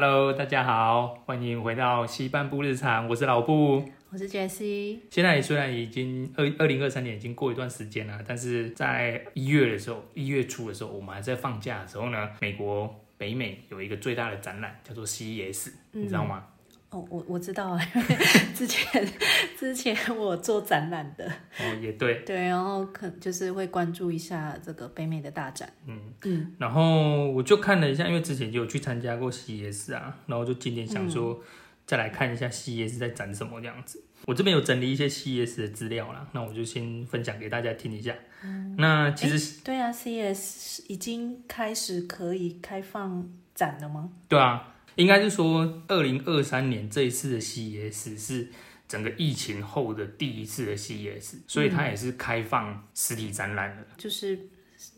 Hello，大家好，歡迎回到西半部日常，我是老布，我是傑西。現在雖然已經二二零二三年，已經過一段時間了，但是在一月的時候，一月初的時候，我們還在放假的時候呢，美國北美有一個最大的展覽，叫做 CES，你知道嗎？嗯哦，我我知道了，因為之前 之前我做展覽的，哦，也對，對，然後可就是會關注一下這個北美的大展，嗯嗯，嗯，然後我就看了一下，因為之前就有去參加過 CES 啊，然後就今天想說、嗯、再來看一下 CES 在展什麼這樣子，我這邊有整理一些 CES 的資料啦，那我就先分享給大家聽一下，嗯、那其實、欸、對啊，CES 已經開始可以開放展了嗎？對啊。應該是說，二零二三年這一次的 CES 是整個疫情後的第一次的 CES，所以它也是開放實體展覽的、嗯。就是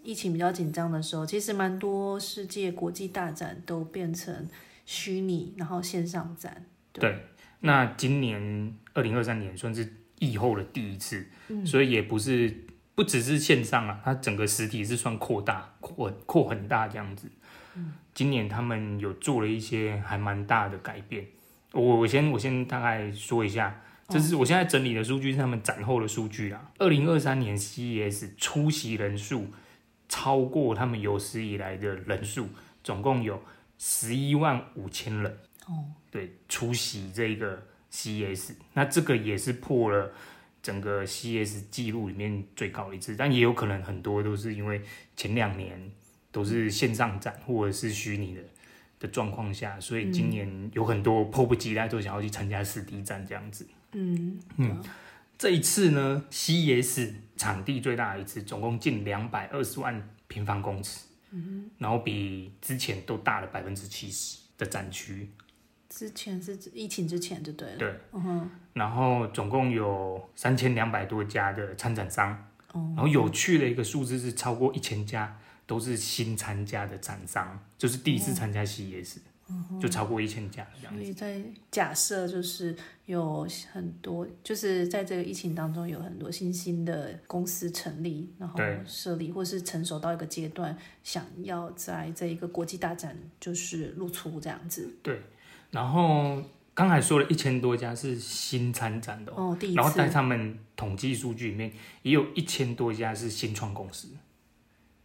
疫情比較緊張的時候，其實蠻多世界國際大展都變成虛擬，然後線上展。對，對那今年二零二三年算是疫後的第一次，嗯、所以也不是不只是線上啊，它整個實體是算擴大、擴擴很大這樣子。今年他們有做了一些還蠻大的改變，我我先我先大概說一下，這是我現在整理的數據是他們展後的數據啦。二零二三年 CES 出席人數超過他們有史以來的人數，總共有十一萬五千人。哦，對，出席這個 CES，那這個也是破了整個 CES 記錄裡面最高一次，但也有可能很多都是因為前兩年。都是線上展或者是虛擬的的狀況下，所以今年有很多迫不及待都、嗯、想要去參加實體展這樣子。嗯嗯，嗯、哦、這一次呢，CES 場地最大的一次，總共近兩百二十萬平方公尺，嗯、然後比之前都大了百分之七十的展區。之前是疫情之前就對了。對，哦、哼然後總共有三千兩百多家的參展商，哦、然後有趣的一個數字是超過一千家。都是新參加的展商，就是第一次參加 CES，、嗯、哼就超過一千家這樣子。所以在假設就是有很多，就是在這個疫情當中有很多新興的公司成立，然後設立，對或是成熟到一個階段，想要在這一個國際大展就是露出這樣子。對，然後剛才說了一千多家是新參展的哦，嗯、第一次，然後在他們統計數據裡面也有一千多家是新創公司。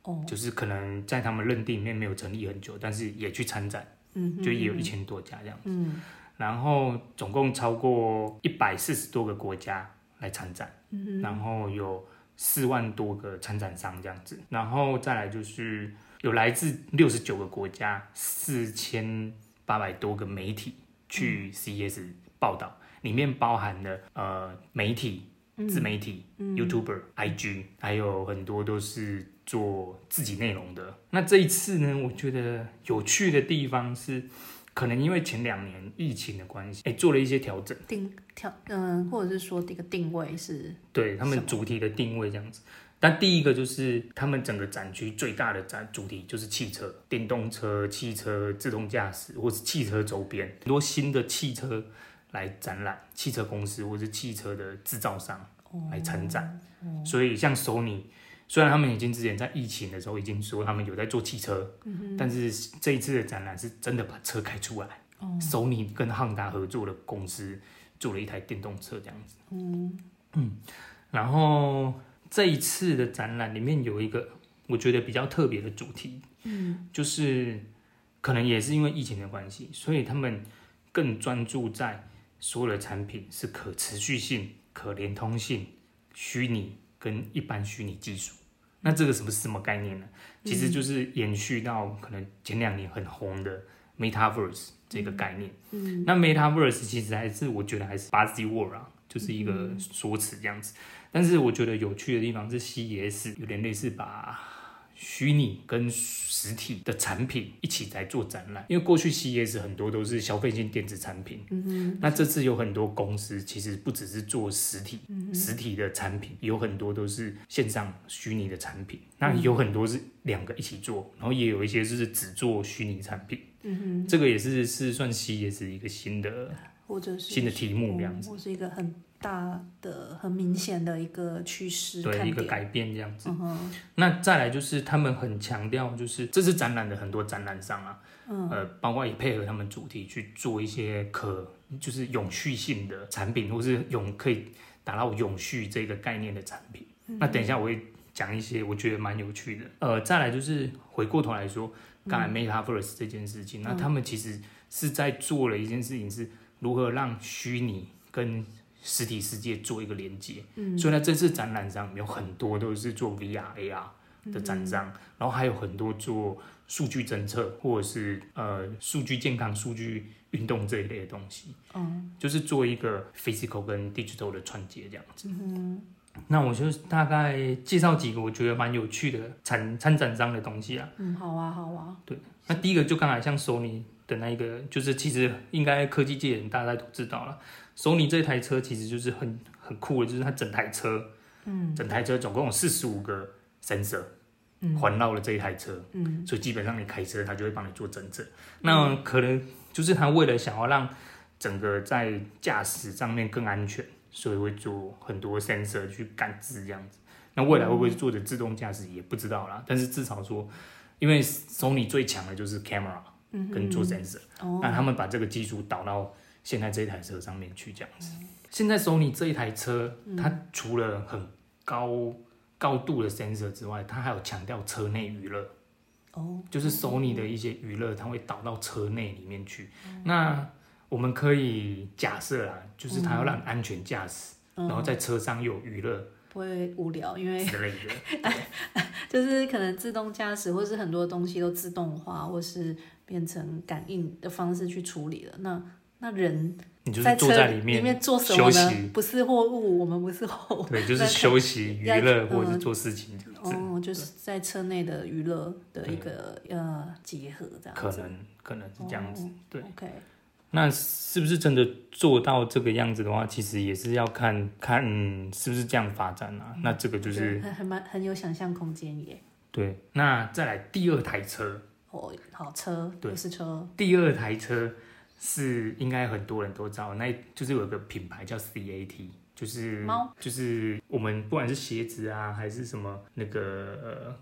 Oh. 就是可能在他們認定裡面沒有成立很久，但是也去參展，mm hmm. 就也有一千多家這樣子。Mm hmm. 然後總共超過一百四十多個國家來參展，mm hmm. 然後有四萬多個參展商這樣子。然後再來就是有來自六十九個國家四千八百多個媒體去 CES 報道，mm，hmm. 裡面包含了呃媒體、自媒體、YouTuber、mm hmm. IG，還有很多都是。做自己內容的。那這一次呢，我覺得有趣的地方是，可能因為前兩年疫情的關係，欸，做了一些調整，定調，嗯，或者是說這個定位是對他們主題的定位這樣子。但第一個就是他們整個展區最大的展主題就是汽車、電動車、汽車自動駕駛，或是汽車周邊很多新的汽車來展覽，汽車公司或是汽車的製造商來參展，所以像 Sony。雖然他們已經之前，在疫情的時候已經說他們有在做汽車，但是這一次的展覽是真的把車開出來。Sony 跟 Honda 合作的公司做了一台電動車這樣子。嗯，然後這一次的展覽裡面有一個我覺得比較特別的主題，就是可能也是因為疫情的關係，所以他們更專注在所有的產品是可持續性、可連通性、虛擬、跟一般虛擬技術，那這個是不是什麼概念呢？其實就是延續到可能前兩年很紅的 Metaverse 這個概念。嗯，那 Metaverse 其實還是我覺得還是 Buzzword 啊，就是一個說辭這樣子。但是我覺得有趣的地方是，CES 有點類似吧。虛擬跟實體的產品一起來做展覽，因為過去 CES 很多都是消費性電子產品，嗯，那這次有很多公司其實不只是做實體，實體的產品有很多都是線上虛擬的產品，那有很多是兩個一起做，然後也有一些就是只做虛擬產品，嗯，這個也是是算 CES 一個新的或者是新的題目這樣子，我是一個很大的很明顯的一個趨勢，對一個改變這樣子。Uh huh. 那再來就是他們很強調，就是這次展覽的很多展覽商啊，uh huh. 呃，包括也配合他們主題去做一些可就是永續性的產品，uh huh. 或是永可以達到永續這個概念的產品。Uh huh. 那等一下我會講一些我覺得蠻有趣的。呃，再來就是回過頭來說，剛才 Metaverse 這件事情，uh huh. 那他們其實是在做了一件事情，是如何讓虛擬跟實體世界做一個連接，嗯、所以呢，這次展覽上有很多都是做 V R A R 的展商，嗯、然後還有很多做數據偵測或者是呃數據健康、數據運動這一類的東西，嗯，就是做一個 physical 跟 digital 的串接這樣子。嗯，那我就大概介紹幾個我覺得蠻有趣的參參展商的東西啊。嗯，好啊，好啊。對，那第一個就剛才像索尼的那一個，就是其實應該科技界人大家都知道了。Sony 這台車其實就是很很酷的，就是它整台車，嗯、整台車總共有四十五個 sensor，環繞、嗯、了這一台車，嗯、所以基本上你開車，它就會幫你做偵測。嗯、那可能就是它為了想要讓整個在駕駛上面更安全，所以會做很多 sensor 去感知這樣子。那未來會不會做著自動駕駛也不知道啦，但是至少說，因為 Sony 最強的就是 camera，嗯嗯跟做 sensor，、嗯嗯、那他們把這個技術導到現在這一台車上面去這樣子，現在 Sony 這一台車，它除了很高高度的 sensor 之外，它還有強調車內娛樂，哦，就是 Sony 的一些娛樂，它會導到車內裡面去。那我們可以假設啊，就是它要讓安全駕駛，然後在車上有娛樂、嗯嗯，不會無聊，因為 就是可能自動駕駛，或是很多東西都自動化，或是變成感應的方式去處理了。那那人，你就是坐在裡面休息，不是貨物，我們不是貨物，對，就是休息娛樂或者是做事情。哦，就是在車內的娛樂的一個呃結合這樣。可能可能是這樣子，對。OK，那是不是真的做到這個樣子的話，其實也是要看看是不是這樣發展啊？那這個就是很很蠻很有想象空間耶。對，那再來第二台車，哦，好車，對，是車，第二台車。是應該很多人都知道，那就是有一個品牌叫 CAT，就是貓，就是我們不管是鞋子啊，還是什麼那個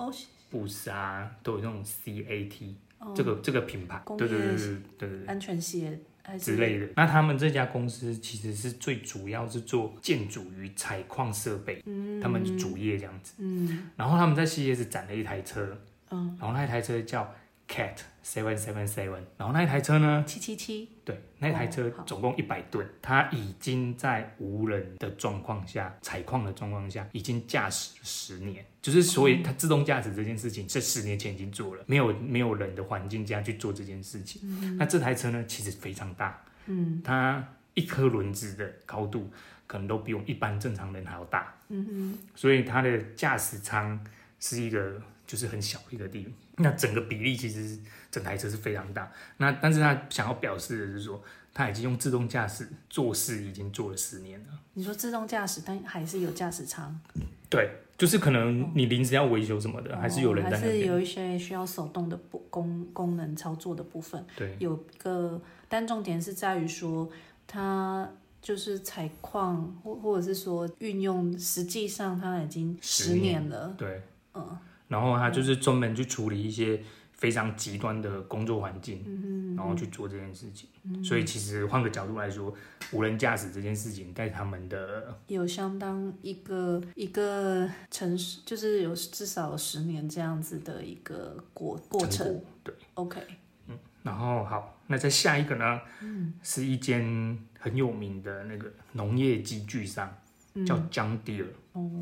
布什、哦啊、都有那種 CAT、哦、這個這個品牌，工業 對,對,對對對對對，安全鞋還是之類的。那他們這家公司其實是最主要是做建築與採礦設備，嗯，他們主業這樣子，嗯，然後他們在 CES 展了一台車，嗯，然後那一台車叫 CAT 777，然後那一台車呢，七七七。對，那台車總共一百噸，哦、它已經在無人的狀況下、採礦的狀況下，已經駕駛十年。就是所以，它自動駕駛這件事情，嗯、是十年前已經做了，沒有沒有人的環境下去做這件事情。嗯、那這台車呢，其實非常大，嗯，它一顆輪子的高度可能都比我們一般正常人還要大，嗯哼所以它的駕駛艙是一個就是很小一個地方，那整個比例其實是。整台車是非常大，那但是他想要表示的是說，他已經用自動駕駛做事已經做了十年了。你說自動駕駛，但還是有駕駛艙。對，就是可能你臨時要維修什麼的，哦、還是有人在那。還是有一些需要手動的部功功能操作的部分。對，有個，但重點是在於說，它就是採礦或或者是說運用，實際上它已經十年了。嗯、對，嗯。然後它就是專門去處理一些。非常極端的工作環境，嗯、然後去做這件事情，嗯、所以其實換個角度來說，無人駕駛這件事情在他們的有相當一個一個城市，就是有至少十年這樣子的一個過過程。對，OK，嗯，然後好，那再下一個呢，嗯、是一間很有名的那個農業機具商，嗯、叫 John Deere，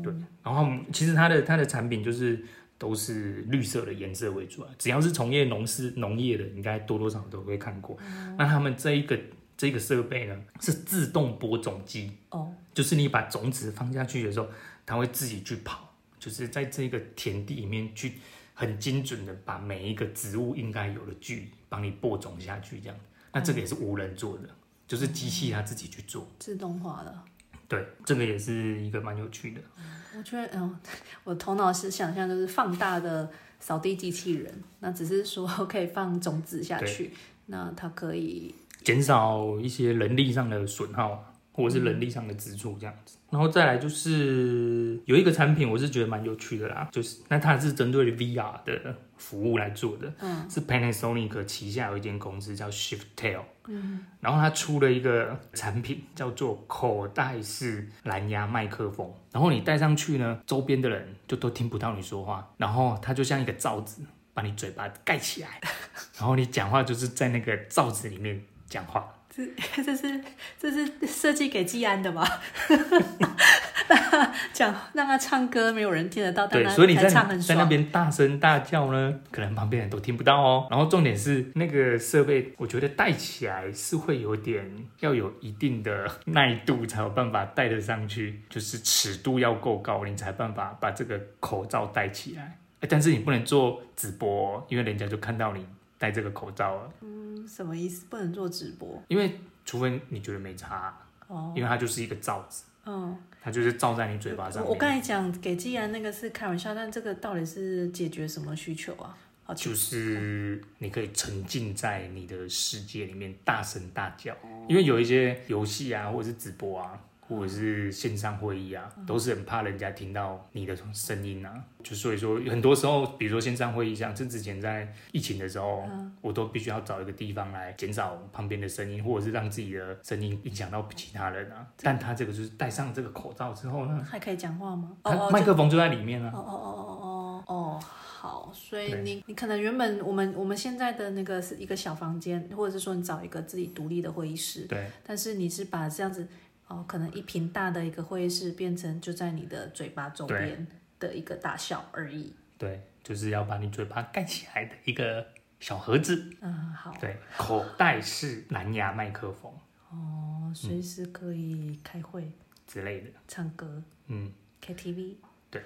對，然後其實它的它的產品就是。都是綠色的顏色為主啊，只要是從業農事農業的，應該多多少少都會看過。嗯、那他們這一個這個設備呢，是自動播種機哦，就是你把種子放下去的時候，它會自己去跑，就是在這個田地裡面去很精準的把每一個植物應該有的距離幫你播種下去這樣。那這個也是無人做的，嗯、就是機器它自己去做，嗯、自動化的。對，這個也是一個蠻有趣的。我覺得，嗯、哦，我頭腦是想象就是放大的掃地機器人，那只是說可以放種子下去，對那它可以減少一些人力上的損耗，或者是人力上的支出這樣子。嗯、然後再來就是有一個產品，我是覺得蠻有趣的啦，就是那它是針對 VR 的。服務來做的，嗯、是 Panasonic 旗下有一間公司叫 Shiftall，、嗯、然後它出了一個產品叫做口袋式藍牙麥克風，然後你戴上去呢，周邊的人就都聽不到你說話，然後它就像一個罩子，把你嘴巴蓋起來，然後你講話就是在那個罩子裡面講話。這這是這是設計給季安的嗎？那 講，讓他唱歌，沒有人聽得到，但你在，在那邊大聲大叫呢，可能旁邊人都聽不到哦。然後重點是那個設備，我覺得戴起來是會有點要有一定的耐度，才有辦法戴得上去，就是尺度要夠高，你才有辦法把這個口罩戴起來。但是你不能做直播哦，因為人家就看到你。戴這個口罩啊，嗯，什麼意思？不能做直播？因為除非你覺得沒差哦，因為它就是一個罩子，嗯，它就是罩在你嘴巴上。我剛才講給既然那個是開玩笑，但這個到底是解決什麼需求啊？就是你可以沉浸在你的世界裡面大聲大叫，因為有一些遊戲啊，或者是直播啊。或者是線上會議啊，嗯、都是很怕人家聽到你的聲音啊，嗯、就所以說很多時候，比如說線上會議像這之前在疫情的時候，嗯、我都必須要找一個地方來減少旁邊的聲音，或者是讓自己的聲音影響到其他人啊。嗯、但他這個就是戴上這個口罩之後呢，還可以講話嗎？哦，麥克風就在裡面呢、啊。哦哦哦哦哦哦，好，所以你對你可能原本我們我們現在的那個是一個小房間，或者是說你找一個自己獨立的會議室，對，但是你是把這樣子。哦，可能一瓶大的一個會議室變成就在你的嘴巴周邊的一個大小而已。對，就是要把你嘴巴蓋起來的一個小盒子。嗯，好。對，口袋式藍牙麥克風。哦，隨時可以開會、嗯、之類的，唱歌，嗯，KTV。對，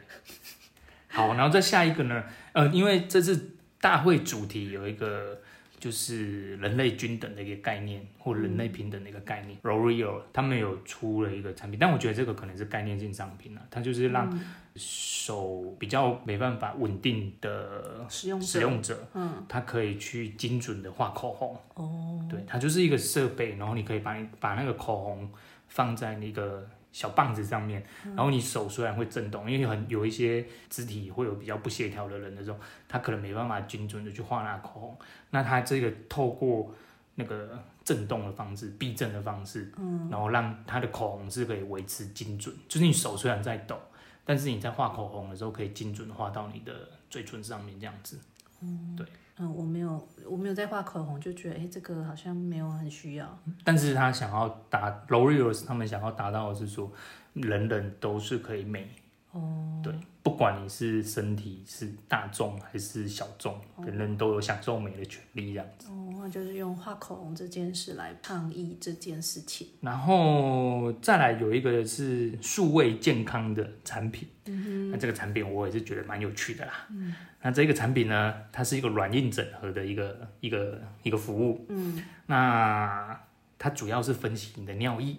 好，然後再下一個呢？呃，因為這次大會主題有一個。就是人類均等的一個概念，或人類平等的一個概念。L'Oreal、嗯、他們有出了一個產品，但我覺得這個可能是概念性商品了、啊。它就是讓手比較沒辦法穩定的使用、嗯、使用者，嗯，它可以去精準的畫口紅。哦，對，它就是一個設備，然後你可以把把那個口紅放在那個。小棒子上面，然後你手雖然會震動，因為很有一些肢體會有比較不協調的人那種，他可能沒辦法精準的去畫那個口紅。那他這個透過那個震動的方式、避震的方式，然後讓他的口紅是可以維持精準，就是你手雖然在抖，但是你在畫口紅的時候可以精準地畫到你的嘴唇上面這樣子，嗯，對。嗯，我沒有，我沒有在畫口紅，就覺得，哎、欸，這個好像沒有很需要。但是，他想要達，L'Oreal 他們想要達到的是說，人人都是可以美。哦，對，不管你是身體是大眾還是小眾，人人都有享受美的權利這樣子。哦，就是用畫口紅這件事來倡議這件事情。然後再來有一個是數位健康的產品，嗯哼，那這個產品我也是覺得蠻有趣的啦。嗯，那這個產品呢，它是一個軟硬整合的一個一個一個服務。嗯，那它主要是分析你的尿液。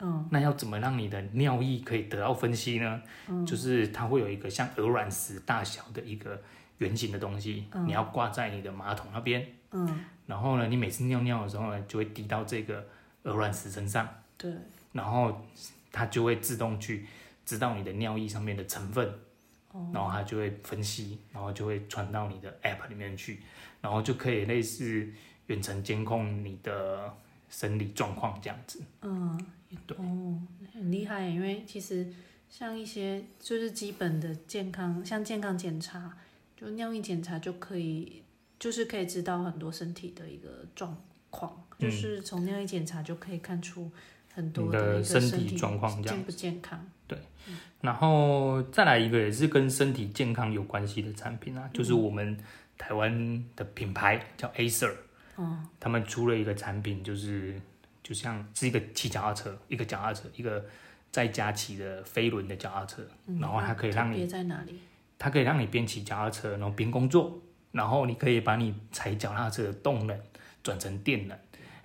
嗯、那要怎麼讓你的尿液可以得到分析呢？嗯、就是它會有一個像鵝卵石大小的一個圓形的東西，嗯、你要掛在你的馬桶那邊。嗯、然後呢，你每次尿尿的時候呢，就會滴到這個鵝卵石身上。對。然後它就會自動去知道你的尿液上面的成分，哦、然後它就會分析，然後就會傳到你的 APP 裡面去，然後就可以類似遠程監控你的生理狀況這樣子。嗯。對哦，很厲害，因為其實像一些就是基本的健康，像健康檢查，就尿液檢查就可以，就是可以知道很多身體的一個狀況，嗯、就是從尿液檢查就可以看出很多的身體狀況，健不健康？對，然後再來一個也是跟身體健康有關係的產品啊，嗯、就是我們台灣的品牌叫 Acer，嗯、他們出了一個產品就是。就像是一個騎腳踏車，一個腳踏車，一個在家騎的飛輪的腳踏車，嗯、然後它可以讓你，它可以讓你邊騎腳踏車，然後邊工作，然後你可以把你踩腳踏車的動能轉成電能。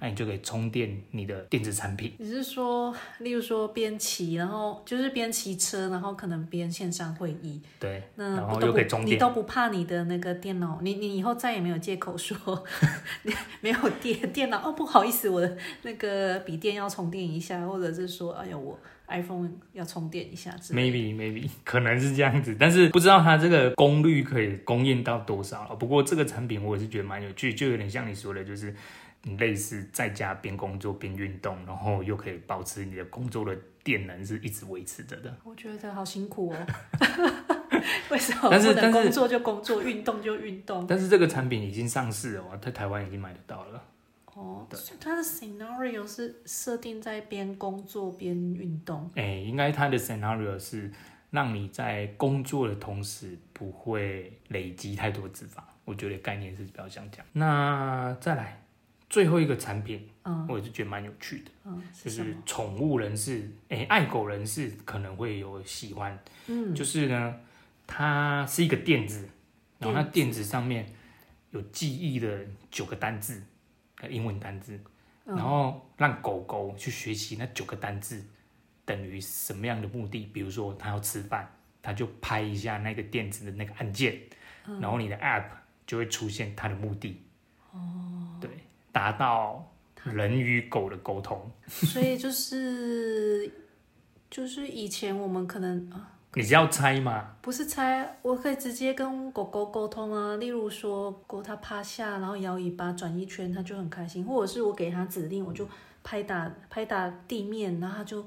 那你就可以充電你的電子產品。你是說，例如說邊騎，然後就是邊騎車，然後可能邊線上會議。對，那然後可以充電，你都不怕你的那個電腦，你你以後再也沒有借口說 沒有電，電腦哦，不好意思，我的那個筆電要充電一下，或者是說，哎呀，我 iPhone 要充電一下，maybe maybe 可能是這樣子，但是不知道它這個功率可以供應到多少。不過這個產品我也是覺得蠻有趣，就有點像你說的，就是。你類似在家邊工作邊運動，然後又可以保持你的工作的電能是一直維持着的。我覺得好辛苦哦、喔， 為什麼？但是工作就工作，運 動就運動。但是,對但是這個產品已經上市了，在台灣已經買得到了。哦，對所以它的 scenario 是設定在邊工作邊運動。哎、欸，應該它的 scenario 是讓你在工作的同時不會累積太多脂肪。我覺得概念是比較像這樣。那再來。最後一個產品，嗯、我也是覺得蠻有趣的，嗯、是就是寵物人士，誒、欸，愛狗人士可能會有喜歡。嗯，就是呢，它是一個墊子，嗯、然後它墊子上面有記憶的九個單字，英文單字，嗯、然後讓狗狗去學習那九個單字等於什麼樣的目的。比如說，它要吃飯，它就拍一下那個墊子的那個按鍵，嗯、然後你的 App 就會出現它的目的。哦，對。達到人與狗的溝通， 所以就是就是以前我們可能啊，你是要猜嗎？不是猜，我可以直接跟狗狗溝通啊。例如說，狗它趴下，然後搖尾巴轉一圈，它就很開心；或者是我給它指令，我就拍打拍打地面，然後它就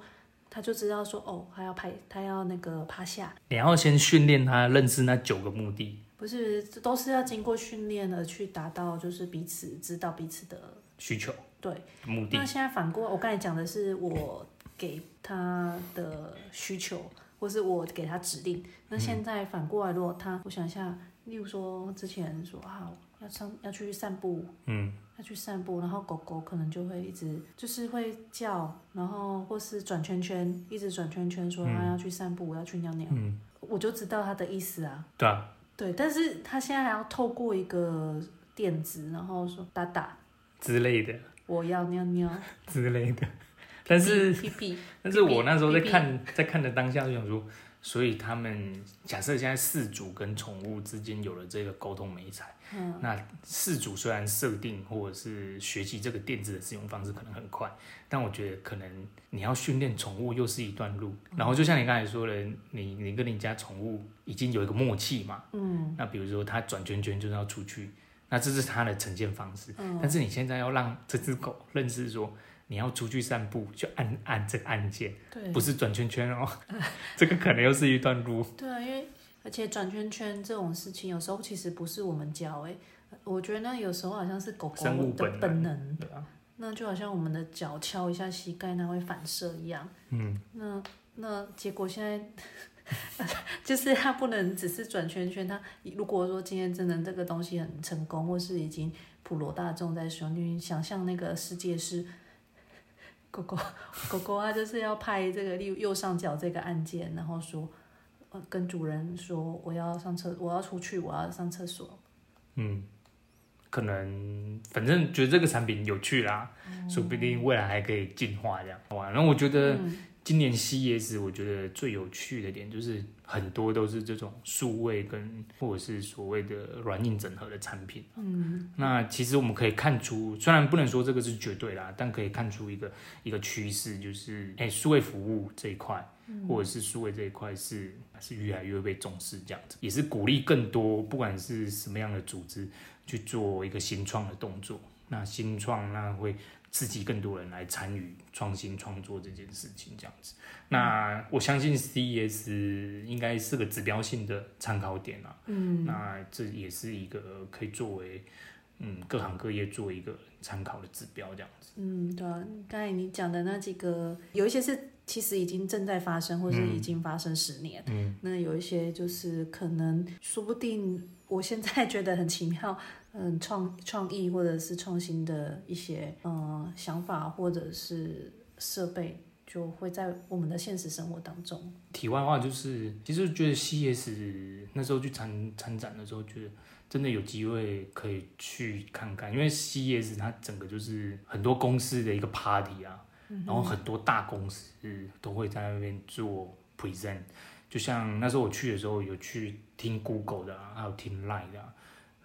它就知道說哦，它要拍，它要那個趴下。你要先訓練它認識那九個目的。不是，這都是要經過訓練而去達到就是彼此知道彼此的需求，對目的。那現在反過，我剛才講的是我給他的需求，或是我給他指令。那現在反過來，如果他，嗯、我想一下，例如說之前說啊，要上要去散步，嗯，要去散步，然後狗狗可能就會一直就是會叫，然後或是轉圈圈，一直轉圈圈，說他要去散步，我、嗯、要去尿尿，嗯，我就知道他的意思啊，對啊。對，但是他現在還要透過一個墊子，然後說打打之類的，我要尿尿之類的。但是，屁屁屁屁但是我那時候在看，屁屁在看的當下就想說，所以他們假設現在飼主跟寵物之間有了這個溝通媒介。 那飼主雖然設定或者是學習這個電子的使用方式可能很快，但我覺得可能你要訓練寵物又是一段路。然後就像你剛才說的，你你跟你家寵物已經有一個默契嘛，嗯，那比如說它轉圈圈就是要出去，那這是它的呈現方式。但是你現在要讓這隻狗認識說你要出去散步，就按按這個按鍵，對，不是轉圈圈哦，這個可能又是一段路。對，因為。而且轉圈圈這種事情，有時候其實不是我們教誒、欸，我覺得那有時候好像是狗狗的本能，生物本能。對啊，那就好像我們的腳敲一下膝蓋，那會反射一樣。嗯。那那結果現在， 就是它不能只是轉圈圈。它如果說今天真的這個東西很成功，或是已經普羅大眾在說，你想象那個世界是狗狗，狗狗啊，就是要拍這個右，右上角這個按鍵，然後說。我跟主人說，我要上廁，我要出去，我要上廁所。嗯，可能反正覺得這個產品有趣啦，嗯、說不定未來還可以進化這樣。好吧，然後我覺得。嗯今年 CES 我覺得最有趣的點就是很多都是這種數位跟或者是所謂的軟硬整合的產品。嗯，那其實我們可以看出，雖然不能說這個是絕對啦，但可以看出一個一個趨勢，就是哎，數位服務這一塊，或者是數位這一塊是是越來越被重視，這樣子也是鼓勵更多不管是什麼樣的組織去做一個新創的動作。那新創那會。刺激更多人來參與創新創作這件事情，這樣子。那我相信 CES 應該是個指標性的參考點啦、啊。嗯，那這也是一個可以作為嗯各行各業作為一個參考的指標，這樣子。嗯，對、啊。剛才你講的那幾個，有一些是其實已經正在發生，或是已經發生十年。嗯。嗯，那有一些就是可能，說不定我現在覺得很奇妙。嗯，創創意或者是創新的一些嗯想法或者是設備，就會在我們的現實生活當中。題外話就是，其實我覺得 CES 那時候去參參展的時候，覺得真的有機會可以去看看，因為 CES 它整個就是很多公司的一個 party 啊，嗯、哼然後很多大公司都會在那邊做 present。就像那時候我去的時候，有去聽 Google 的、啊，還有聽 Line 的、啊。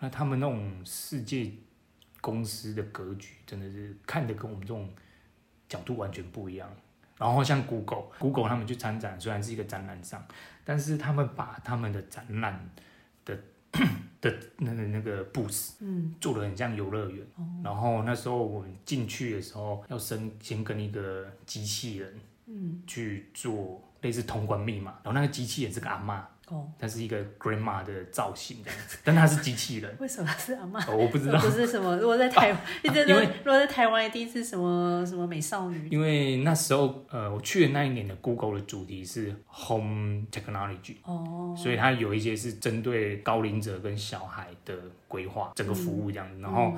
那他們那種世界公司的格局，真的是看得跟我們這種角度完全不一樣。然後像 Google，Google 他們去參展，雖然是一個展覽上，但是他們把他們的展覽的的那個那個 booth 嗯，做得很像遊樂園。然後那時候我們進去的時候，要先先跟一個機器人嗯去做類似通關密碼，然後那個機器人是個阿嬤。哦、它是一個 grandma 的造型這樣子，但它是機器人。為什麼是阿嬤哦？我不知道，不是什麼。如果在台灣，你真的，因為如果在台灣一定是什麼什麼美少女。因為那時候，呃，我去的那一年的 Google 的主題是 Home Technology，哦，所以它有一些是針對高齡者跟小孩的規劃，整個服務這樣子。嗯嗯、然後，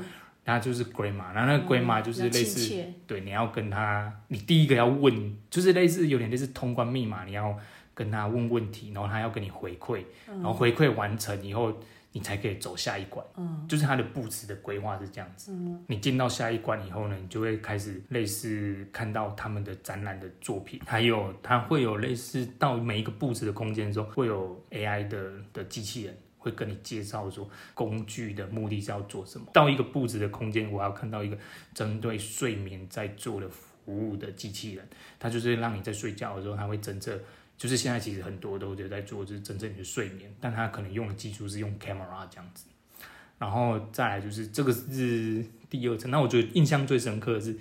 它就是 grandma，然後那個 grandma、嗯、就是類似，對，你要跟他，你第一個要問，就是類似有點類似通關密碼，你要。跟他問問題，然後他要跟你回饋，然後回饋完成以後，嗯、你才可以走下一關。嗯、就是他的布置的規劃是這樣子。你進到下一關以後呢，你就會開始類似看到他們的展覽的作品，還有它會有類似到每一個布置的空間中會有 AI 的的機器人會跟你介紹說工具的目的是要做什麼。到一個布置的空間，我要看到一個針對睡眠在做的服務的機器人，它就是讓你在睡覺的時候，它會偵測。就是現在，其實很多都就在做，就是真正的睡眠，但他可能用的技術是用 camera 這樣子。然後再來就是這個是第二層，那我覺得印象最深刻的是，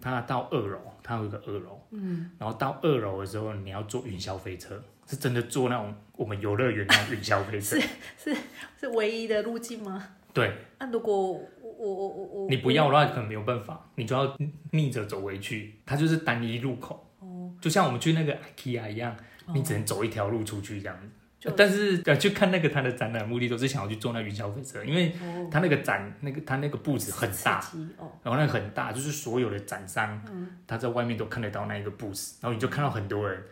他到二樓，他有一個二樓，嗯，然後到二樓的時候，你要坐雲霄飛車，是真的坐那種我們遊樂園那種雲霄飛車，是是是唯一的路徑嗎？對。那如果我我我我你不要的話，那可能沒有辦法，你就要逆着走回去，它就是單一入口哦，就像我們去那個 IKEA 一樣。Oh. 你只能走一條路出去，這樣、就是、但是呃，就看那個他的展覽目的，都是想要去坐那雲霄飛車，因為他那個展、oh. 那個他那個布置很大，oh. 然後那個很大，就是所有的展商、oh. 他在外面都看得到那一個布置，然後你就看到很多人。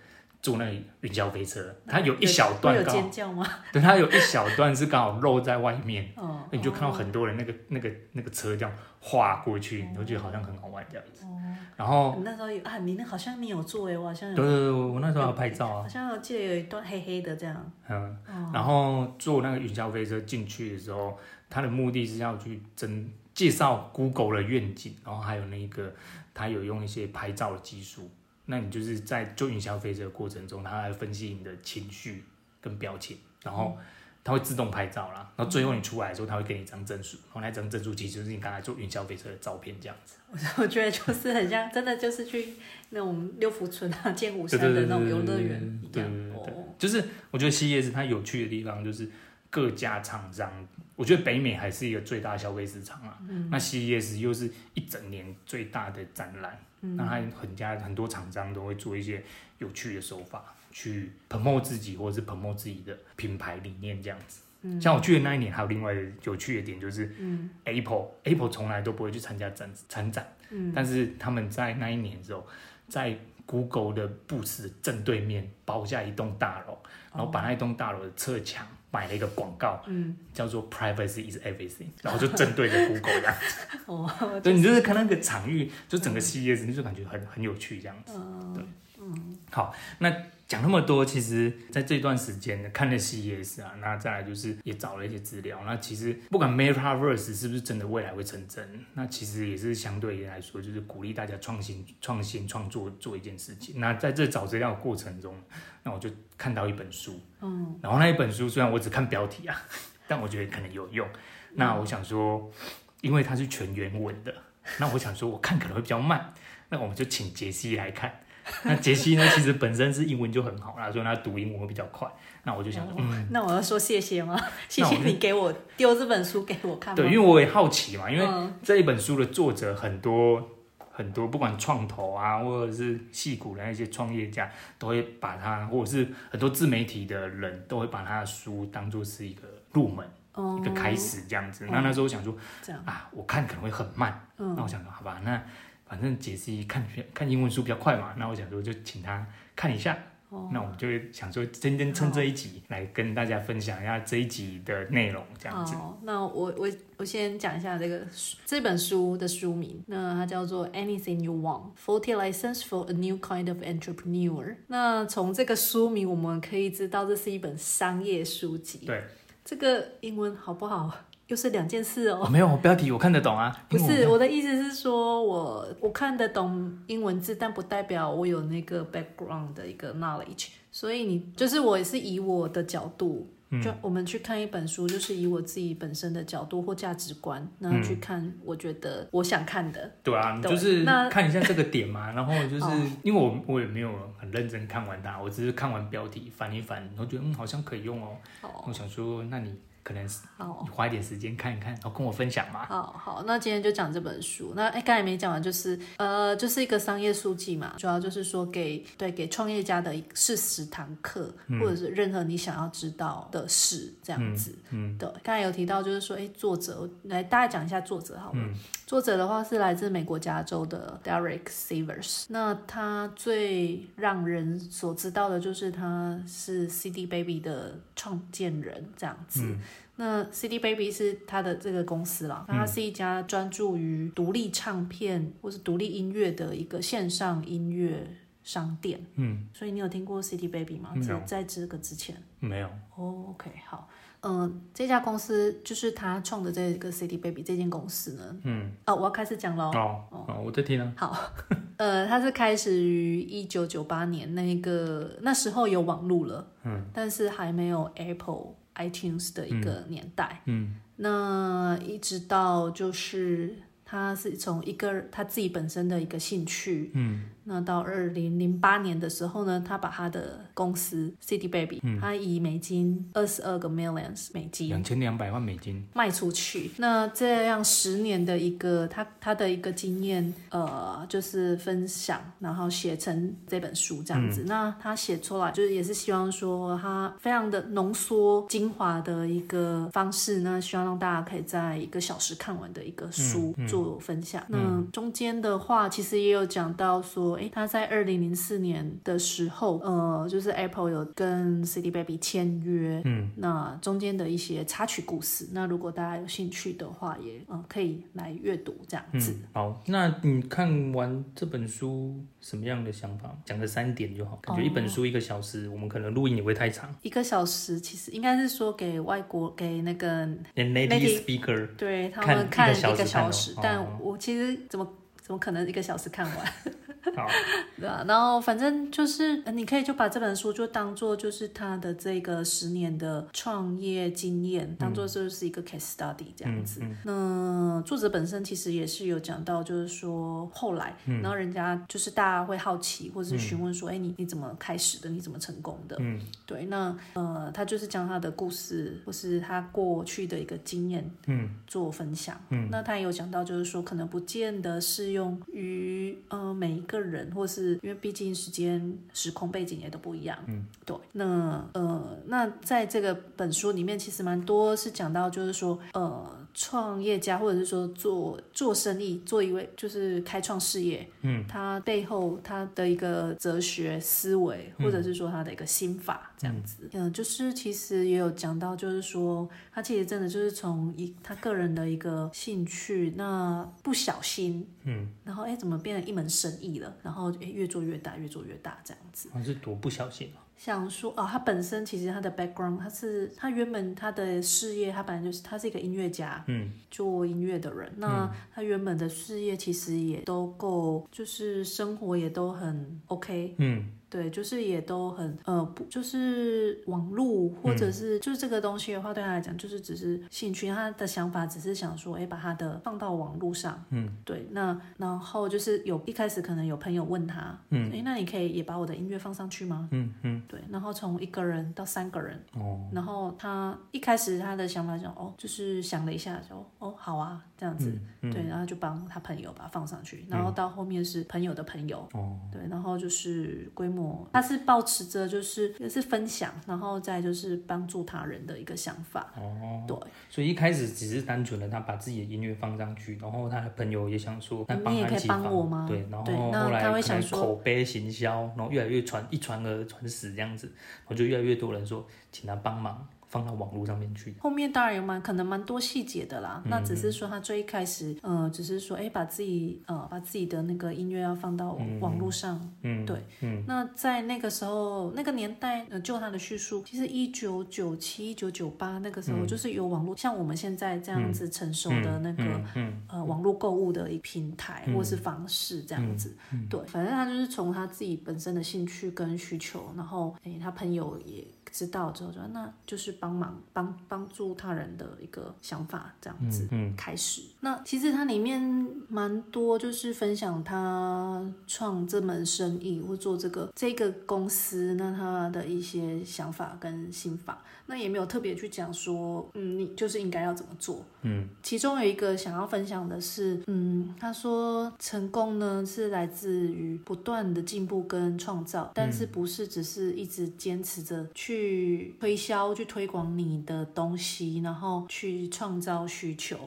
坐那個雲霄飛車，那它有一小段有尖叫嗎？對，它有一小段是剛好露在外面，哦、嗯，你就看到很多人那個那個那個車這樣劃過去，你、嗯、就覺得好像很好玩這樣子。嗯、然後你那時候有啊，你那好像沒有坐誒，我好像有有對對對，我那時候要拍照啊，好像我記得有一段黑黑的這樣。嗯，嗯，然後坐那個雲霄飛車進去的時候，它的目的是要去真介紹 Google 的願景，然後還有那一個，它有用一些拍照的技術。那你就是在做雲霄飛車的過程中，它來分析你的情緒跟表情，然後它會自動拍照啦，然後最後你出來的時候，它會給你一張證書，嗯、然後那張證書其實就是你剛才做雲霄飛車的照片這樣子。我覺得就是很像， 真的就是去那種六福村啊、劍湖 山的那種遊樂園一樣。對對、對、對、對、oh、就是我覺得 CES 它有趣的地方就是各家廠商，我覺得北美還是一個最大的消費市場啊。嗯、那 CES 又是一整年最大的展覽。嗯、那他很家很多廠商都會做一些有趣的手法去 promote 自己或者是 promote 自己的品牌理念這樣子。嗯、像我去的那一年，還有另外有趣的點就是，嗯，Apple Apple 從來都不會去參加展參展，嗯、但是他們在那一年之後，在 Google 的 booth 正對面包下一棟大樓，然後把那一棟大樓的側牆。嗯買了一個廣告，叫做 Privacy is everything，嗯、然後就針對着 Google 這樣子，對，你就是看那個場域，就整個 CES，嗯、你就感覺很很有趣這樣子，對，嗯、好，那，講那麼多，其實在這段時間看了 CES 啊，那再來就是也找了一些資料。那其實不管 Metaverse 是不是真的未來會成真，那其實也是相對於來說，就是鼓勵大家創新、創新、創作做一件事情。那在這找資料的過程中，那我就看到一本書，嗯，然後那一本書雖然我只看標題啊，但我覺得可能有用。那我想說，因為它是全原文的，那我想說我看可能會比較慢，那我們就請傑西來看。 那傑西呢？其實本身是英文就很好啦、啊，所以他讀英文會比較快。那我就想說，嗯哦、那我要說謝謝嗎？ 謝謝你給我丟這本書給我看。對，因為我也好奇嘛，因為這一本書的作者很多、嗯、很多，不管創投啊，或者是矽谷的那些創業家，都會把他，或者是很多自媒體的人都會把他的書當做是一個入門，嗯、一個開始這樣子。那、嗯、那時候我想說，這樣啊，我看可能會很慢。嗯、那我想說，好吧，那。反正 JC 看看英文書比較快嘛，那我想說就請他看一下。哦、那我們就想說，今天趁這一集來跟大家分享一下這一集的內容，這樣子。哦、那我我我先講一下這個這本書的書名，那它叫做《Anything You Want: Forty Lessons for a New Kind of Entrepreneur》。那從這個書名我們可以知道，這是一本商業書籍。對，這個英文好不好？又是兩件事、喔、哦。沒有標題，我看得懂啊。不是，我的意思是說我，我我看得懂英文字，但不代表我有那個 background 的一個 knowledge。所以你就是我也是以我的角度，嗯、就我們去看一本書，就是以我自己本身的角度或價值觀，然後去看我覺得我想看的。嗯、對啊，對就是看一下這個點嘛。 然後就是因為我我也沒有很認真看完它，我只是看完標題翻一翻，然後覺得嗯好像可以用哦、喔。好我想說，那你。可能是你花一點時間看一看，好哦，跟我分享嘛。好好，那今天就講這本書。那哎、剛、欸、才沒講完，就是呃，就是一個商業書籍嘛，主要就是說給對給創業家的四十堂課，嗯、或者是任何你想要知道的事這樣子。嗯，嗯對剛才有提到就是說，哎、欸，作者來大概講一下作者好嗎？嗯、作者的話是來自美國加州的 Derek Sivers。那他最讓人所知道的就是他是 CD Baby 的創建人這樣子。嗯那 CD Baby 是他的這個公司啦，嗯、它是一家專注於獨立唱片或是獨立音樂的一個線上音樂商店。嗯，所以你有聽過 CD Baby 嗎？有在這個之前沒有。Oh, OK，好，嗯、呃，這家公司就是他創的這個 CD Baby 這間公司呢。嗯、哦，我要開始講嘍。好、哦哦哦、我在聽、啊。好，呃，它是開始於一九九八年，那個那時候有網路了，嗯，但是還沒有 Apple。iTunes 的一個年代，嗯，嗯，那一直到就是，他是從一個他自己本身的一個興趣，嗯。那到二零零八年的時候呢，他把他的公司 CD Baby，、嗯、他以美金二十二個 millions 美金，兩千兩百萬美金賣出去。那這樣十年的一個他他的一個經驗，呃，就是分享，然後寫成這本書這樣子。嗯、那他寫出來就是也是希望說他非常的濃縮精華的一個方式，那希望讓大家可以在一個小時看完的一個書做分享。嗯嗯、那中間的話其實也有講到說。欸、他在二零零四年的時候，呃，就是 Apple 有跟 CD Baby 簽約，嗯，那中間的一些插曲故事，那如果大家有興趣的話也，也、呃、可以來閱讀這樣子、嗯。好，那你看完這本書什麼樣的想法？講個三點就好。感覺一本書一個小時，我們可能錄音也會太長。哦、一個小時其實應該是說給外國，給那個 edi, 看。native speaker 對他們看一個小時，小時但我其實怎麼怎麼可能一個小時看完？ 好 對啊。然後反正就是，你可以就把這本書就當做就是他的這個十年的創業經驗，當做就是一個 case study 這樣子。嗯嗯、那作者本身其實也是有講到，就是說後來，嗯、然後人家就是大家會好奇或者是詢問說，哎、嗯欸，你你怎麼開始的？你怎麼成功的？嗯，對。那呃，他就是將他的故事或是他過去的一個經驗，嗯，做分享。嗯，那他也有講到，就是說可能不見得適用於呃每一個。個人，或是因為畢竟時間、時空背景也都不一樣，嗯，對。那呃，那在這個本書裡面，其實蠻多是講到，就是說，呃，創業家或者是說做做生意、做一位就是開創事業，嗯，他背後他的一個哲學思維，或者是說他的一個心法。嗯。嗯。這樣子，嗯，嗯，就是其實也有講到，就是說他其實真的就是從一他個人的一個興趣，那不小心，嗯，然後哎、欸、怎麼變成一門生意了，然後、欸、越做越大，越做越大這樣子。啊、是多不小心啊、喔！想說啊，他本身其實他的 background，他是他原本他的事業，他本來就是他是一個音樂家，嗯，做音樂的人。那他原本的事業其實也都夠，就是生活也都很 OK，嗯。對，就是也都很呃不，就是網絡或者是、嗯、就是這個東西的話，對他來講就是只是興趣，他的想法只是想說，哎，把他的放到網絡上，嗯，對，那然後就是有一開始可能有朋友問他，嗯，哎，那你可以也把我的音樂放上去嗎？嗯嗯，嗯對，然後從一個人到三個人，哦，然後他一開始他的想法就，哦，就是想了一下就，哦，好啊，這樣子，嗯嗯、對，然後就幫他朋友把它放上去，然後到後面是朋友的朋友，哦、嗯，對，然後就是規模。他是抱持着就是也是分享，然後再就是幫助他人的一個想法。哦，對，所以一開始只是單純的他把自己的音樂放上去，然後他的朋友也想說，那幫他一起放，對，然後後來他會想說口碑行銷，然後越來越傳一傳而傳十這樣子，我就越來越多人說請他幫忙。放到網絡上面去，後面當然有蠻可能蠻多細節的啦。嗯、那只是說他最一開始，呃，只是說哎、欸，把自己呃把自己的那個音樂要放到網網絡上，嗯，對，嗯。那在那個時候那個年代，呃，就他的敘述，其實一九九七、一九九八那個時候，就是有網絡，嗯、像我們現在這樣子成熟的那個、嗯嗯嗯嗯、呃網絡購物的一平台、嗯、或是方式這樣子，嗯嗯、對，反正他就是從他自己本身的興趣跟需求，然後哎、欸，他朋友也知道之後說那就是。幫忙幫幫助他人的一個想法，這樣子，嗯，嗯開始。那其實它裡面蠻多，就是分享他創這門生意或做這個這個公司，那他的一些想法跟心法。那也沒有特別去講說，嗯，你就是應該要怎麼做，嗯，其中有一個想要分享的是，嗯，他說成功呢是來自於不斷的進步跟創造，但是不是只是一直堅持着去推銷、去推廣你的東西，然後去創造需求。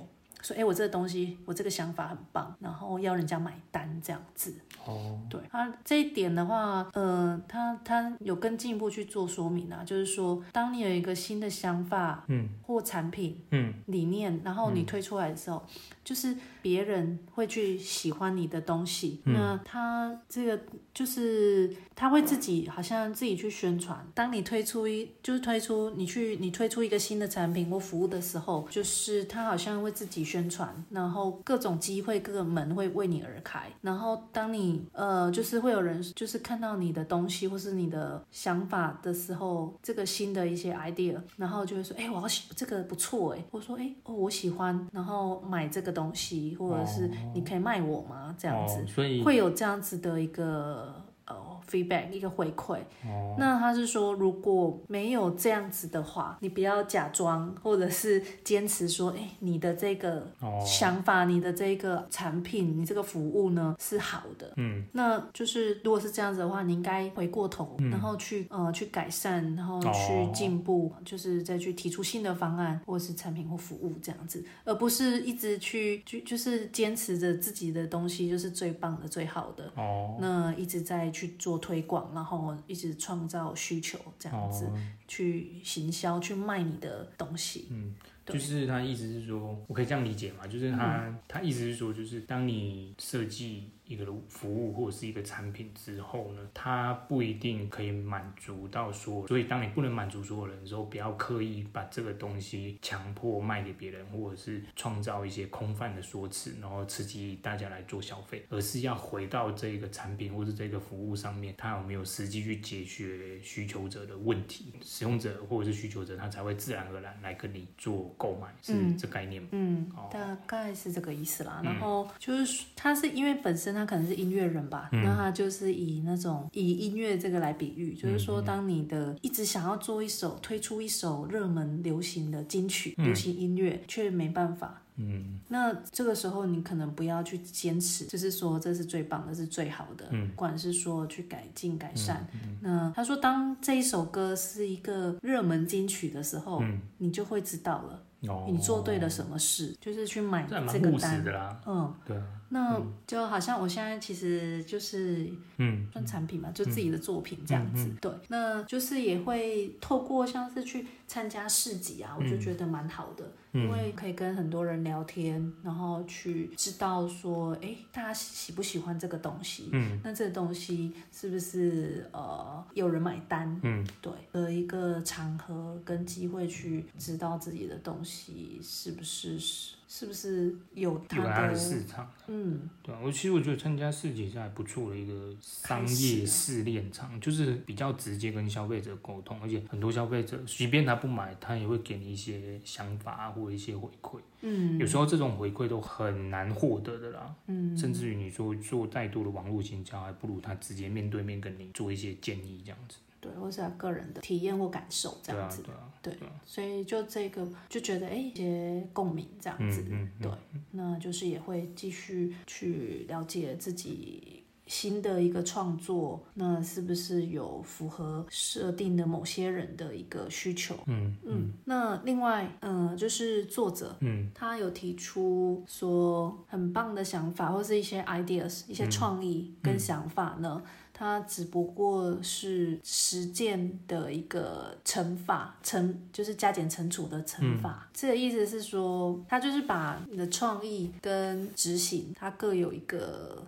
說哎，我這個東西，我這個想法很棒，然後要人家買單這樣子。哦、oh.，對，他這一點的話，嗯、呃，他他有更進一步去做說明啊，就是說，當你有一個新的想法，嗯，或產品，嗯，理念，然後你推出來的時候。嗯嗯就是別人會去喜歡你的東西，那他這個就是他會自己好像自己去宣傳。當你推出一就是推出你去你推出一個新的產品或服務的時候，就是他好像會自己宣傳，然後各種機會、各個門會為你而開。然後當你呃就是會有人就是看到你的東西或是你的想法的時候，這個新的一些 idea，然後就會說哎、欸、我好喜這個不錯哎、欸，我說哎、欸、哦我喜歡，然後買這個。東西，或者是你可以賣我嗎？Oh. 這樣子，oh, so... 會有這樣子的一個、oh. Feedback 一個回饋，oh. 那他是說，如果沒有這樣子的話，你不要假裝或者是堅持說，哎，你的這個想法、oh. 你的這個產品、你這個服務呢是好的。嗯，mm. 那就是如果是這樣子的話，你應該回過頭，mm. 然後去呃去改善，然後去進步，oh. 就是再去提出新的方案，或者是產品或服務這樣子，而不是一直去就就是堅持着自己的東西就是最棒的、最好的。哦，oh. 那一直在去做。做推廣，然後一直創造需求，這樣子、oh. 去行銷，去賣你的東西。嗯，對就是他意思是說，我可以這樣理解嘛？就是他，他、嗯、意思是說，就是當你設計。一個服務或者是一個產品之後呢，它不一定可以滿足到說，所以當你不能滿足所有人的時候，不要刻意把這個東西強迫賣，賣給別人，或者是創造一些空泛的說辭，然後刺激大家來做消費，而是要回到這個產品或者是這個服務上面，它有沒有實際去解決需求者的問題，使用者或者是需求者，他才會自然而然來跟你做購買，嗯、是這概念嗎？嗯，嗯，大概是這個意思啦。嗯、然後就是它是因為本身。他可能是音樂人吧，那他就是以那種以音樂這個來比喻，就是說，當你的一直想要做一首推出一首熱門流行的金曲，流行音樂，卻沒辦法。嗯，那這個時候你可能不要去堅持，就是說這是最棒的，是最好的。嗯，不管是說去改進改善。那他說，當這一首歌是一個熱門金曲的時候，你就會知道了你做對了什麼事，就是去買這個單。嗯，對。那就好像我現在其實就是，嗯，算產品嘛，嗯、就自己的作品這樣子。嗯嗯嗯、對，那就是也會透過像是去參加市集啊，嗯、我就覺得蠻好的，嗯、因為可以跟很多人聊天，然後去知道說，哎、欸，大家喜不喜歡這個東西？嗯，那這個東西是不是呃有人買單？嗯，對，的一個場合跟機會去知道自己的東西是不是。是不是有大的的市場？嗯，對，我其實我覺得參加市集還不錯的一個商業試煉場，就是比較直接跟消費者溝通，而且很多消費者即便他不買，他也會給你一些想法啊，或一些回饋。嗯，有時候這種回饋都很難獲得的啦。嗯，甚至於你說做再多的網絡營銷，還不如他直接面對面跟你做一些建議這樣子。對，或是他個人的體驗或感受這樣子，對,啊對,啊、對，對啊、所以就這個就覺得哎，一些共鳴這樣子，嗯嗯嗯、對，那就是也會繼續去了解自己新的一個創作，那是不是有符合設定的某些人的一個需求？嗯嗯,嗯。那另外，嗯、呃，就是作者，嗯，他有提出說很棒的想法或是一些 ideas、一些創意跟想法呢。嗯嗯它只不過是實踐的一個乘法，乘就是加減乘除的乘法。嗯、這個意思是說，它就是把你的創意跟執行，它各有一個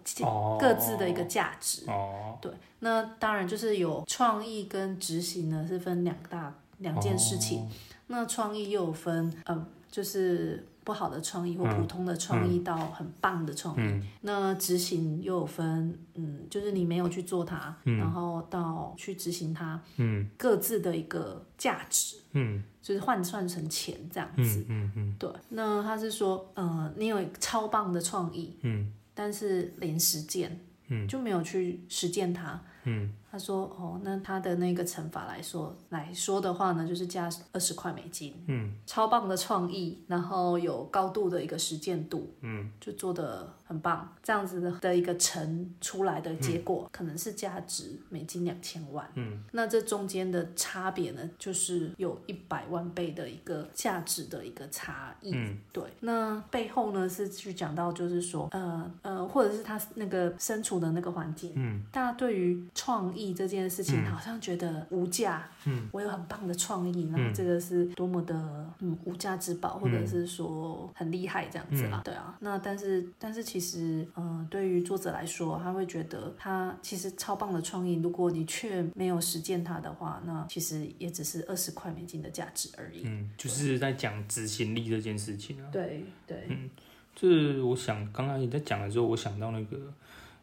各自的一個價值。哦、對，那當然就是有創意跟執行呢，是分兩大兩件事情。哦、那創意又分、嗯，就是。不好的創意或普通的創意到很棒的創意，嗯、那執行又有分，嗯，就是你沒有去做它，嗯、然後到去執行它，嗯，各自的一個價值，嗯，就是換算成錢這樣子，嗯嗯，嗯嗯對，那他是說，嗯、呃，你有一個超棒的創意，嗯，但是零實踐，嗯，就沒有去實踐它，嗯。他說：“哦，那他的那個乘法來說來說的話呢，就是加二十塊美金，嗯，超棒的創意，然後有高度的一個實踐度，嗯，就做得很棒。這樣子的一個乘出來的結果，嗯、可能是價值美金兩千萬，嗯，那這中間的差別呢，就是有一百萬倍的一個價值的一個差異，嗯、對。那背後呢，是去講到，就是說，呃呃，或者是他那個身處的那個環境，嗯，大家對於創意。”這件事情好像覺得無價，嗯，我有很棒的創意，嗯、然後這個是多麼的嗯無價之寶，或者是說很厲害這樣子啦，嗯、對啊。那但是但是其實，嗯、呃，對於作者來說，他會覺得他其實超棒的創意，如果你卻沒有實踐它的話，那其實也只是二十塊美金的價值而已。嗯，就是在講執行力這件事情啊。對對，對嗯，就是我想剛剛你在講的時候，我想到那個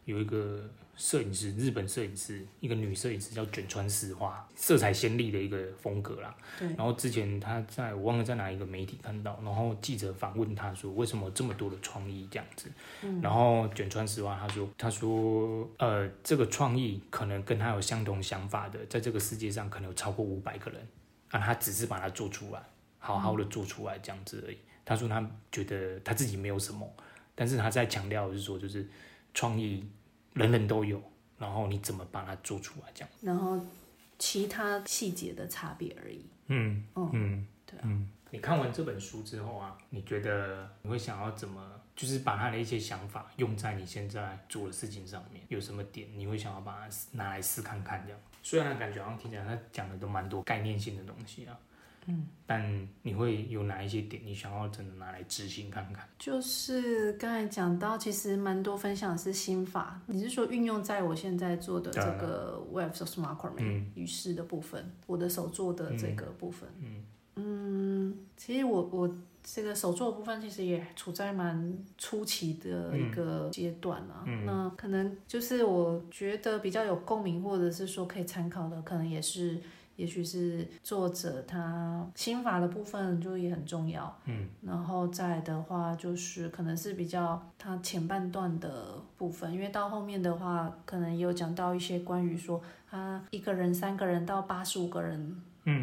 有一個。攝影師，日本攝影師，一個女攝影師叫蜷川實花，色彩鮮麗的一個風格啦。對然後之前她在我忘了在哪一個媒體看到，然後記者訪問她說，為什麼這麼多的創意這樣子？嗯、然後蜷川實花她說，她說，呃，這個創意可能跟她有相同想法的，在這個世界上可能有超過五百個人。啊，她只是把它做出來，好好的做出來這樣子而已。她、嗯、說她覺得她自己沒有什麼，但是她在強調是說，就是創意。人人都有，然後你怎麼把它做出來？這樣，然後其他細節的差別而已。嗯，哦、嗯，對啊，嗯。你看完這本書之後啊，你覺得你會想要怎麼，就是把他的一些想法用在你現在做的事情上面？有什麼點你會想要把它拿來試看看？這樣，雖然感覺好像聽起來他講的都蠻多概念性的東西啊。嗯，但你會有哪一些點你想要真的拿來執行看看？就是剛才講到，其實蠻多分享的是心法。你是說運用在我現在做的這個 Waves of Macrame 嗯？魚是的部分，我的手做的這個部分。嗯，嗯，嗯，其實我我這個手作的部分其實也處在蠻初期的一個階段啊。嗯嗯，那可能就是我覺得比較有共鳴，或者是說可以參考的，可能也是。也許是作者他心法的部分就也很重要，嗯，然後再的話就是可能是比較他前半段的部分，因為到後面的話可能也有講到一些關於說他一個人、三個人到八十五個人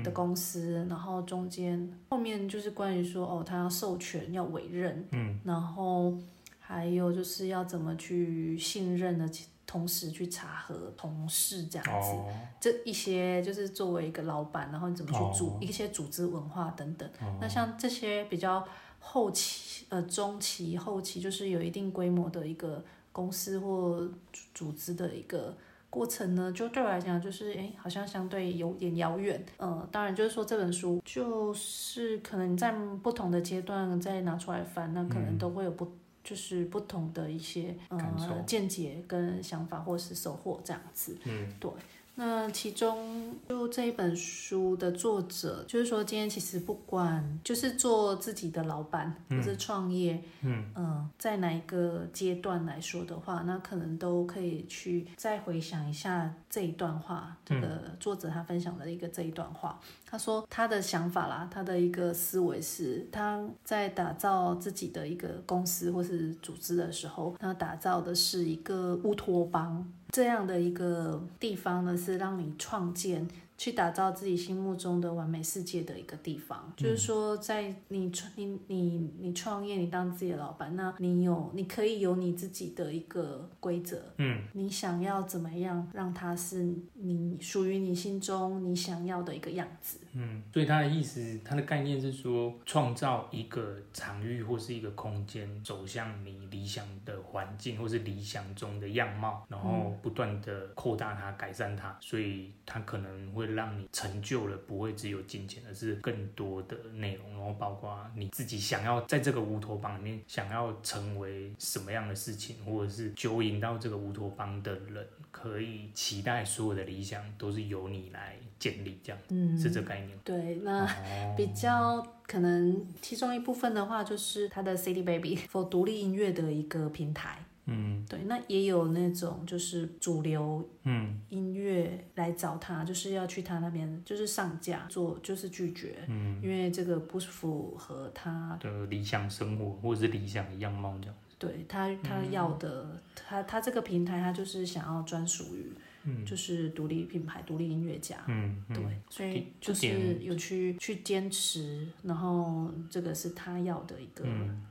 的公司，嗯，然後中間後面就是關於說哦他要授權要委任，嗯，然後還有就是要怎麼去信任的。同時去查核同事這樣子，oh. 這一些就是作為一個老板，然後你怎麼去組、oh. 一些組織文化等等。Oh. 那像這些比較後期，呃，中期、後期就是有一定規模的一個公司或組織的一個過程呢，就對我來講就是，哎、欸，好像相對有點遙遠。嗯、呃，當然就是說這本書就是可能在不同的階段再拿出來翻，那可能都會有不。就是不同的一些受呃，見解跟想法，或是收穫這樣子。嗯，對。那其中，就這一本書的作者，就是說，今天其實不管就是做自己的老闆，或者創業，嗯嗯，在哪一個階段來說的話，那可能都可以去再回想一下這一段話，這個作者他分享的一個這一段話，他說他的想法啦，他的一個思維是，他在打造自己的一個公司或是組織的時候，他打造的是一個烏托邦。這樣的一個地方呢，是讓你創建，去打造自己心目中的完美世界的一個地方，就是說，在你創你你你創業，你當自己的老闆，那你有你可以有你自己的一個規則，嗯，你想要怎麼樣讓它是你屬於你心中你想要的一個樣子，嗯，所以他的意思，他的概念是說，創造一個場域或是一個空間，走向你理想的環境或是理想中的樣貌，然後不斷的擴大它，改善它，所以他可能會。讓你成就了，不會只有金錢，而是更多的內容，然後包括你自己想要在這個烏托邦裡面想要成為什麼樣的事情，或者是吸引到這個烏托邦的人，可以期待所有的理想都是由你來建立這樣，嗯，是這個概念。對，那、哦、比較可能其中一部分的話，就是它的 CD Baby for 獨立音樂的一個平台。嗯，對，那也有那種就是主流嗯音樂來找他，嗯、就是要去他那邊就是上架做，就是拒絕，嗯，因為這個不符合他的理想生活或者是理想的樣貌這樣子。對，他他要的，嗯、他他這個平台他就是想要專屬於。嗯、就是獨立品牌，獨立音樂家嗯，嗯，對，所以就是有去點去堅持，然後這個是他要的一個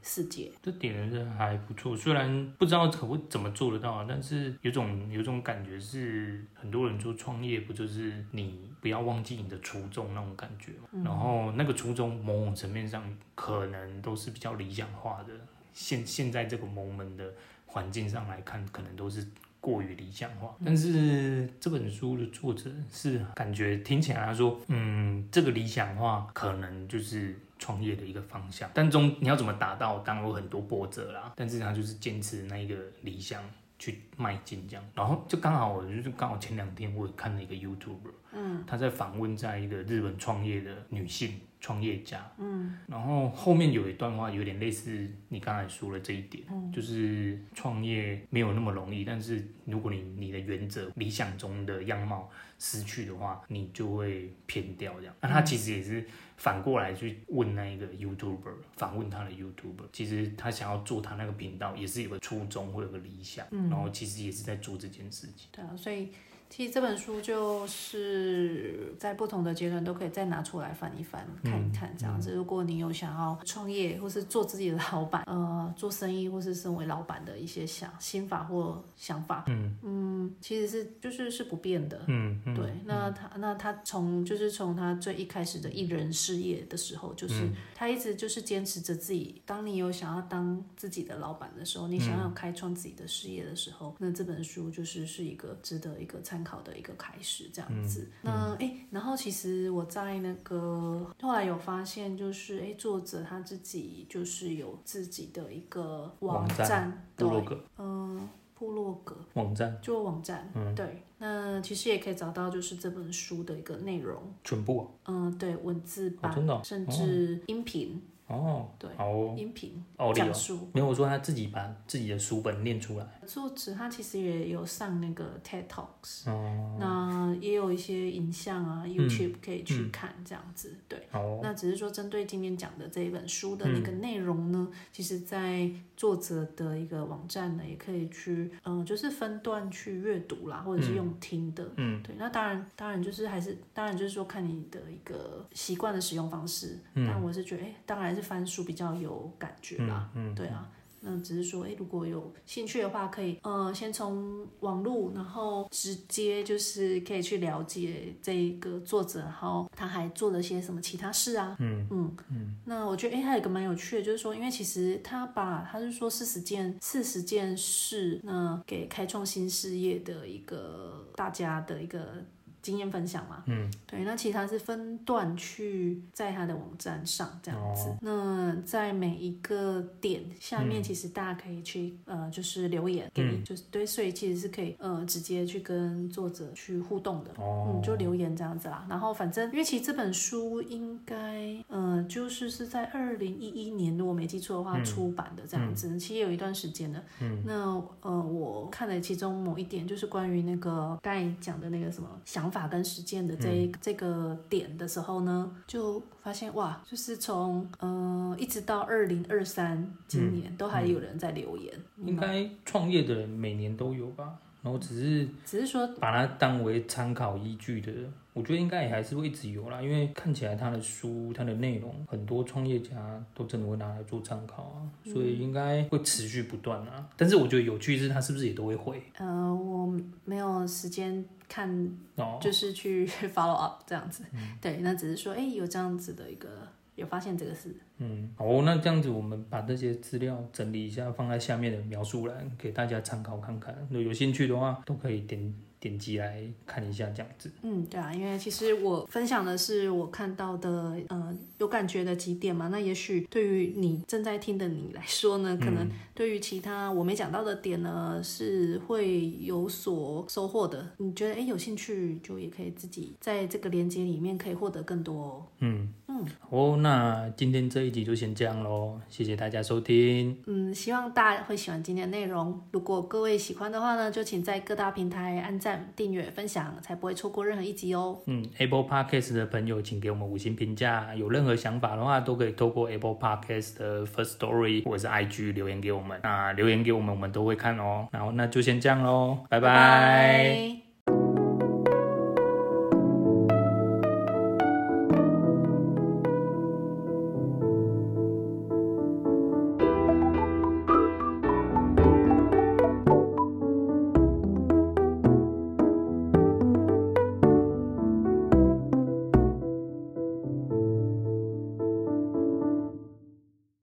世界。嗯、這點還是還不錯，雖然不知道可不可以怎麼做得到，但是有種有種感覺是，很多人做創業不就是你不要忘記你的初衷那種感覺，嗯、然後那個初衷某種層面上可能都是比較理想化的，現現在這個 moment 的環境上來看，可能都是，過於理想化，但是這本書的作者是感覺聽起來他說，嗯，這個理想化可能就是創業的一個方向，但中你要怎麼達到，當然有很多波折啦，但是他就是堅持那一個理想去邁進這樣，然後就剛好我就是剛好前兩天我也看了一個 YouTuber，嗯，他在訪問在一個日本創業的女性。創業家，嗯，然後後面有一段話有點類似你剛才說的這一點，嗯、就是創業沒有那麼容易，但是如果你你的原則理想中的樣貌失去的話，你就會偏掉這樣。那、啊、他其實也是反過來去問那一個 YouTuber，反問他的 YouTuber，其實他想要做他那個頻道也是有個初衷會有個理想，嗯、然後其實也是在做這件事情，嗯、對啊，所以。其實這本書就是在不同的階段都可以再拿出來翻一翻、嗯、看一看，這樣子。如果你有想要創業或是做自己的老闆，呃，做生意或是身為老闆的一些想心法或想法，嗯，嗯，其實是就是是不變的，嗯，對。那他、嗯、那他從就是從他最一開始的一人事業的時候，就是、嗯、他一直就是堅持着自己。當你有想要當自己的老闆的時候，嗯、你想要開創自己的事業的時候，那這本書就是是一個值得一個參。參考的一個開始，這樣子。嗯嗯、那誒、欸，然後其實我在那個後來有發現，就是哎、欸，作者他自己就是有自己的一個網站，網站對，嗯，部落格網站，就網站，嗯、對。那其實也可以找到，就是這本書的一個內容，全部、啊，嗯，對，文字版，哦哦、真的，甚至音頻。哦哦，對，音頻哦，講述沒有說他自己把自己的書本念出來。作者他其實也有上那個 TED Talks，那也有一些影像啊，YouTube 可以去看這樣子。對，那只是說針對今天講的這一本書的那個內容呢，其實在作者的一個網站呢，也可以去，嗯，就是分段去閱讀啦，或者是用聽的，嗯，對。那當然，當然就是還是當然就是說看你的一個習慣的使用方式。但我是覺得，哎，當然。是翻書比較有感覺啦，嗯，嗯，對啊，那只是說誒，如果有興趣的話，可以，呃，先從網絡，然後直接就是可以去了解這一個作者，然後他還做了些什麼其他事啊，嗯嗯嗯，嗯嗯那我覺得，哎，還有一個蠻有趣的，就是說，因為其實他把他是說四十件四十件事，那給開創新事業的一個大家的一個。經驗分享嘛，嗯，對，那其他是分段去在他的網站上這樣子，哦、那在每一個點下面，其實大家可以去、嗯、呃，就是留言、嗯、給你，就是對，所以其實是可以呃，直接去跟作者去互動的，哦、嗯，就留言這樣子啦。然後反正，因為其實這本書應該，呃，就是是在二零一一年，如果沒記錯的話、嗯、出版的這樣子，嗯、其實也有一段時間的。嗯，那呃，我看了其中某一點，就是關於那個剛才講的那個什麼想法。法跟實踐的這一個、嗯、這個點的時候呢，就發現哇，就是從嗯、呃、一直到二零二三今年、嗯嗯、都還有人在留言，應該創業的人每年都有吧，然後只是只是說把它當為參考依據的我覺得應該也還是會一直有啦，因為看起來他的書、他的內容，很多創業家都真的會拿來做參考啊，所以應該會持續不斷啊。嗯、但是我覺得有趣的是，他是不是也都會回？呃，我沒有時間看，就是去 follow up 這樣子。哦嗯、對，那只是說，哎、欸，有這樣子的一個，有發現這個事。嗯，好、哦，那這樣子我們把這些資料整理一下，放在下面的描述欄，給大家參考看看。如果有興趣的話，都可以點。點擊來看一下，這樣子。嗯，對啊，因為其實我分享的是我看到的，嗯、呃，有感覺的幾點嘛。那也許對於你正在聽的你來說呢，可能對於其他我沒講到的點呢，是會有所收穫的。你覺得誒、欸，有興趣就也可以自己在這個鏈接裡面可以獲得更多哦。嗯。哦，oh, 那今天這一集就先這樣嘍，謝謝大家收聽。嗯，希望大家會喜歡今天內容。如果各位喜歡的話呢，就請在各大平台按讚、訂閱、分享，才不會錯過任何一集哦。嗯，Apple Podcast 的朋友，請給我們五星評價。有任何想法的話，都可以透過 Apple Podcast 的 Firstory 或者是 IG 留言給我們。那留言給我們，我們都會看哦。然後那就先這樣嘍，拜拜。拜拜。